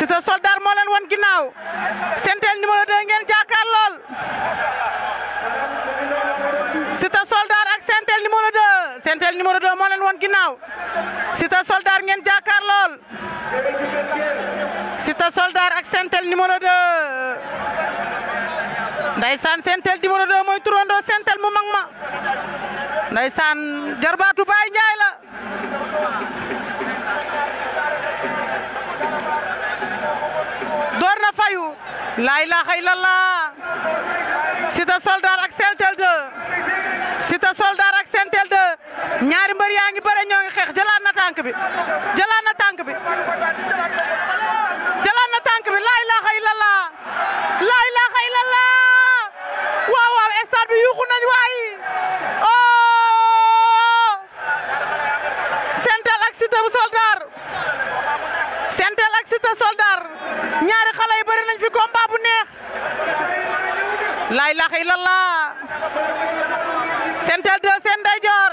Sita soldat moo leen wan ginnaaw sentel numéro 2 ngeen jakar lol. Siteu soldat ak sentel numéro 2 sentel numéro 2 moo leen wan ginnaaw Siteu soldat ngeen jàkkaar Sita Siteu soldat ak sentel numéro 2 ndaysaan sentel numéro 2 mooy turandoo sentel mu mag ma ndaysaan jarbaatu Baye Ndiaye la fayu laa ilaaha illallah Siteu Soldar ak Sentel 2 Siteu Soldar ak Sentel 2 ñaari mbër yaa ngi bëre ñoo ngi xeex jëlaat na tànk bi Sentel 2 seen ndeyjoor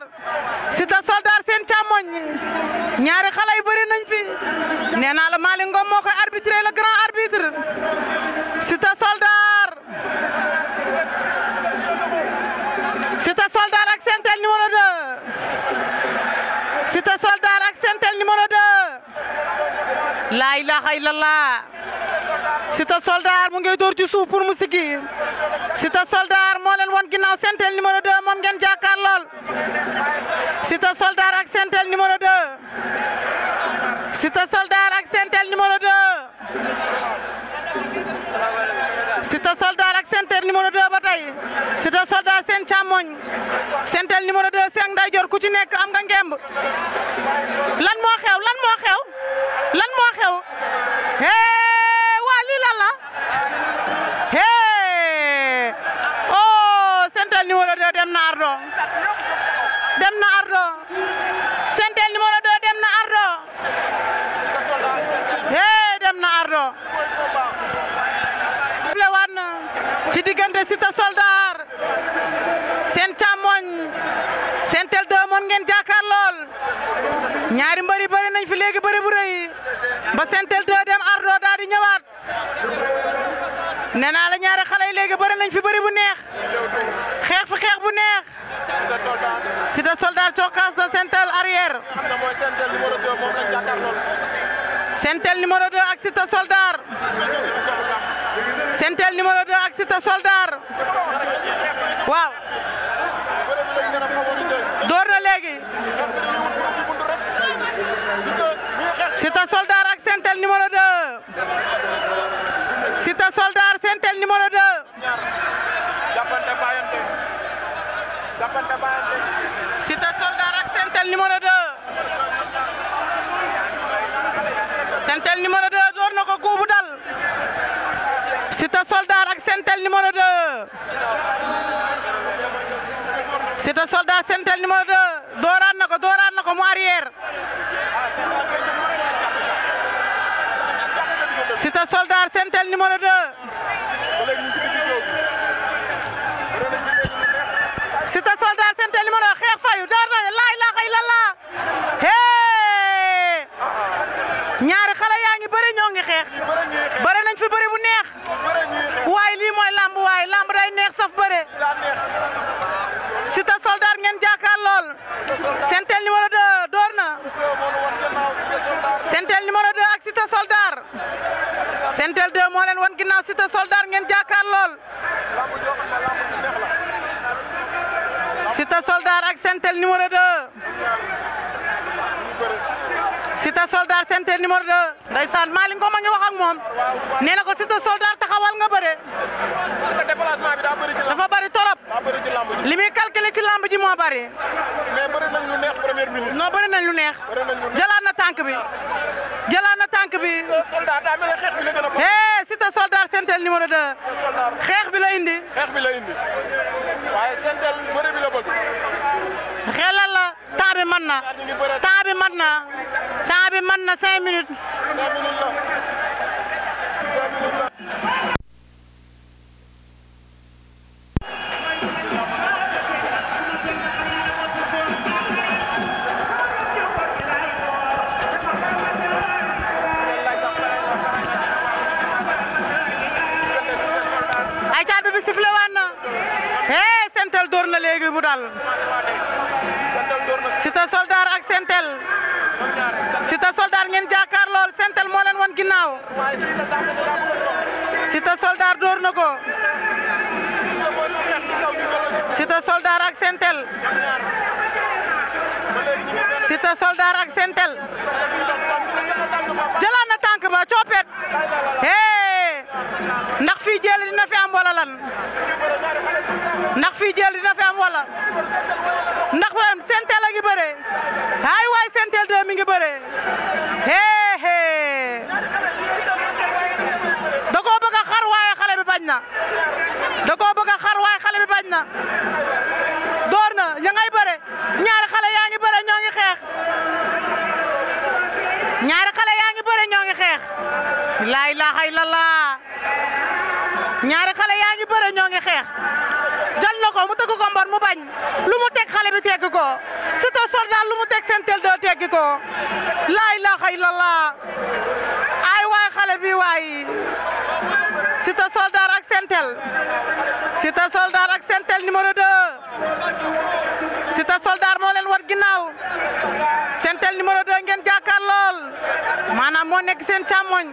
Siteu Soldar seen càmmoñ ñaari xale yu nañ fi nee naa la Malick Ngom moo koy arbitré le grand arbitre Siteu Soldar Siteu Soldar ak Sentel numéro 2 Siteu Soldar ak Sentel numéro 2 laa ilaha illallah Siteu Soldaar mu ngay door ci suuf pour mu siggi Siteu Soldaar moo leen won ginnaaw sentel numéro 2 moom ngeen jàkkaar lool Siteu Soldaar ak sentel numéro 2 Siteu Soldaar ak sentel numéro 2 Siteu Soldaar ak sentel numéro 2 ba tey Siteu Soldaar seen càmmoñ sentel numéro 2 seen ndeyjoor ku ci nekk am nga ngemb lan moo xew na lewaat resita ci Soldar seen sentel seen tel deux moon ngeen jàkkaar lool ñaari mbëri bëri nañ fi léegi bëri bu rëy ba seen tel deux dem ardo daal di ñëwaat nee la ñaari nañ fi bu neex xeex fi bu neex Soldar cokkaas na sentel tel Sentel numéro 2 ak Siteu Soldar Sentel numéro 2 ak Siteu Soldar waaw door na léegi Siteu Soldar ak Sentel numéro 2 Siteu Soldar Sentel numéro 2 Siteu Soldar ak Sentel numéro 2 soldat sentel numéro 2 dooraat na ko dooraat na ko mu arrière. Siteu soldat sentel numéro 2. Siteu soldat sentel numéro 2 xeex fayu daar na laa ilaaha illallaah hee ñaari xale yaa ngi bëri ñoo ngi xeex bëri nañ fi bëri bu neex waaye lii mooy lamb waaye lamb day neex saf bëre. Sentel numéro 2 door na Sentel numéro 2 ak Cité Soldar Sentel 2 moo leen wan ginnaaw Cité Soldar ngeen jàkkaar lool Cité Soldar ak Sentel numéro 2 Cité Soldar Sentel numéro 2 ndeysaan maa li nga ko ma ngi wax ak moom nee na ko Cité Soldar taxawal nga bëre dafa li muy calculé ci lamb ji moo bari. mais bëri nañ lu neex première minute. non bëri nañ lu neex. bëri nañ lu neex jëlaat na tànk bi. jëlaat na tànk bi. soldat daa mel ne xeex bi la gën a. eh Siteu soldat sentel numéro 2. xeex bi la indi. xeex bi la indi waaye sentel bëri bi la bëgg. xelal la temps bi mën na. temps bi mën na. temps bi mën na cinq minutes. cinq minutes la. léegi mu dal Siteu Soldar ngeen jàkkaar lool Sentel moo ginnaaw Siteu Soldar door na ba coppet hey ndax fii jël dina fi am wala lan ndax fii jël dina fi am walla ndax Sentel a ngi bëree ay waay Sentel 2 mi ngi bëree hee hee da koo xar waaye xale bi bañ na da koo bëgg xar waaye xale bi bañ na ñoo ngi xeex jël na ko mu tëgg ko mbar mu bañ lu mu teg xale bi tegg ko un soldat lu mu teg seen tel doo tegg ko laa ilaaha illallah ay waay xale bi waay un soldat ak tel sentel un soldat ak tel numéro 2 un soldat moo leen war ginnaaw tel numéro 2 ngeen jàkkaar lool maanaam moo nekk seen càmmoñ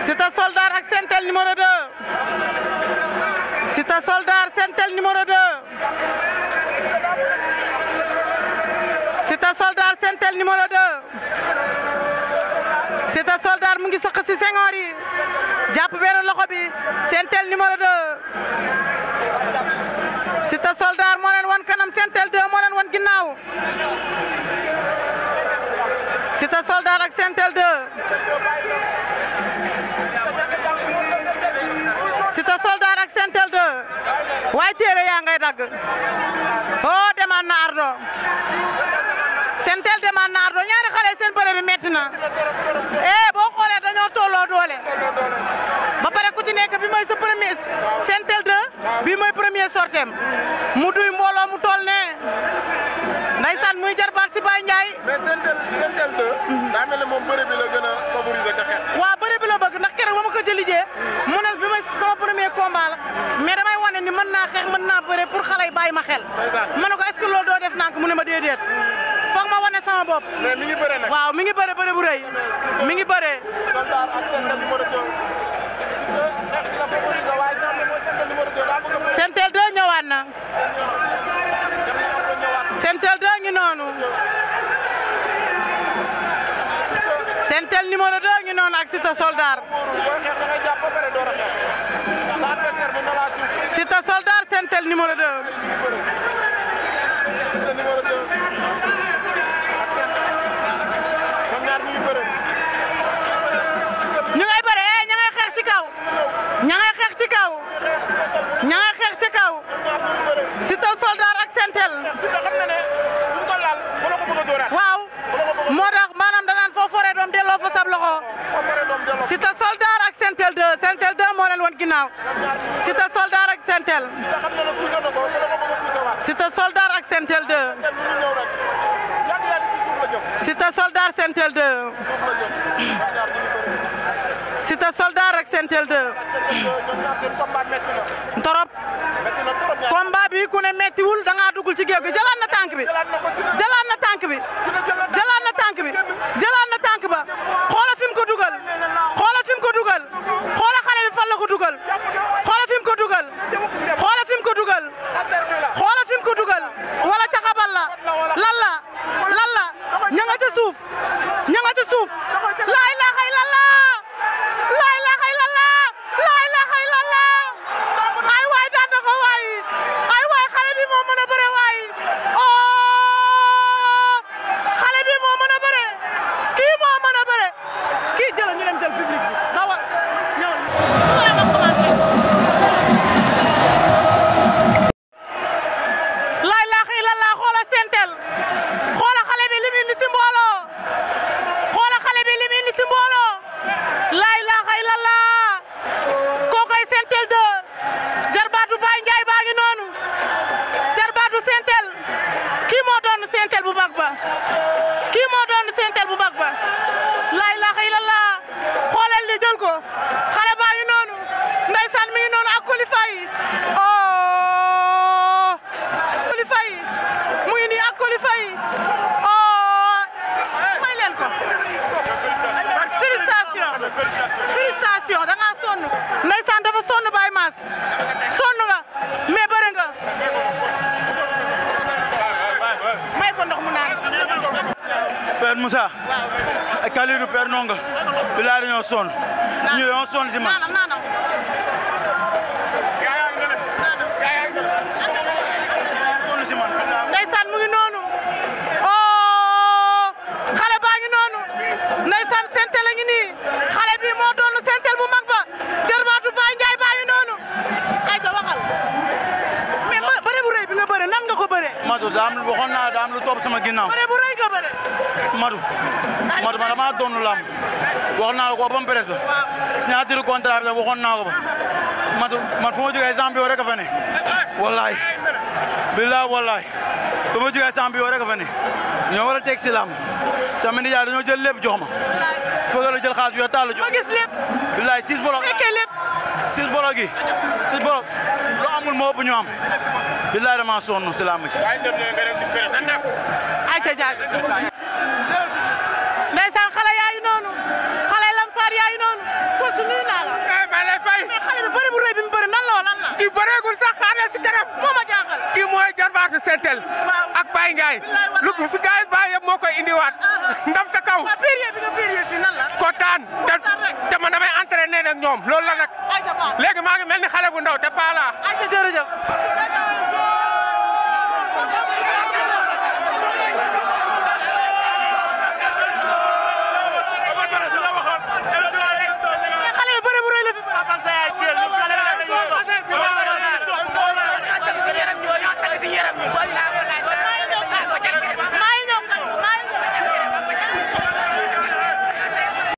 Siteu Soldaar ak Sentel numéro 2 Siteu Soldaar Sentel numéro 2 Siteu Soldaar Sentel numéro 2 Siteu Soldaar mu ngi sëq si sengoor yi jàpp benn loxo bi Sentel numéro 2 Siteu Soldaar moo leen won kanam Sentel 2 moo leen wan ginnaaw Siteu Soldaar ak Sentel 2 waaye téere yaa ngay dagg oh demaat na ardo seen tel demaat na ardo ñaari xale seen bëre metti na eh boo xoolee dañoo tolloo doole ba pare ku ci nekk bi mooy sa premier seen tel de bi mooy premier sortem mu duy mbooloo mu toll ne ndaysaan muy jarbaat si Baye Ndiaye. mais seen tel seen tel moom bëre la gën a favoriser ka xeex. xeex mën naa bëre pour xale yi xel. ma ko est-ce que def ma ma sama bopp. mais mi ngi bëre nag. waaw mi ngi bu mi ngi ak numéro Sentel 2 ñëwaat na. Sentel 2 ngi noonu. Sentel numéro 2 ngi noonu ak Siteu Soldat. Siteu numéro 2. Siteu numéro 2. ñoom xeex ci kaw. ña ngay xeex ci kaw. ña ngay xeex ci kaw. Siteu soldat ak sentel. waaw moo tax maanaam danaan foo foree doom delloo fa sab loxo. Siteu soldat. Sentel 2 Sentel 2 moo leen woon ginnaaw Siteu Soldaar ak Sentel Siteu Soldaar ak Sentel 2 Soldaar Sentel 2 Siteu Soldaar ak Sentel torop combat bi ku ne mettiwul da ngaa dugul ci géew gi na tànk bi Père Moussa ak Kalidou Père Nonga bilaa dañoo sonn ñu dañoo sonn si man ndeysaan mu ngi noonu oh xale baa ngi noonu ndeysaan seen waxoon naa daa am lu topp sama ginnaaw. bëre bu rëy nga bëre. Madou Madou ma damaa doon lamb waxoon naa ko ba mu presse ba. signature contrat bi waxoon naa ko ba. Madou man fu ma jógee champion rek a fa ne. wallaay billaay wallaay fu ma jógee champion rek a fa ne ñoo war si lamb sama nijaay dañoo jël lépp jox ma. fëgal a jël xaalis bi yow taal la jox ma. ma gis lépp. amul moo ëpp ñu am billaay dama sonn ay ca jaaj ndeysaan xale yaayu noonu xale lamsaar yaayu noonu pour su nuyu naa la eh, ma lay fay mais xale bi bëri bu rëy bi mu bëri nan la lan la kii bëreegul sax xaar si kanam moo ma jaaxal kii mooy jarbaatu sentel ak Baye Ngaye lu fi gars yi Baye moo koy indiwaat ah, ah. ndam sa kaw période bi nga période fi nan la kontaan ñoom loolu la nag léegi maa ngi mel ni xale bu ndaw te paalaa jërëjëf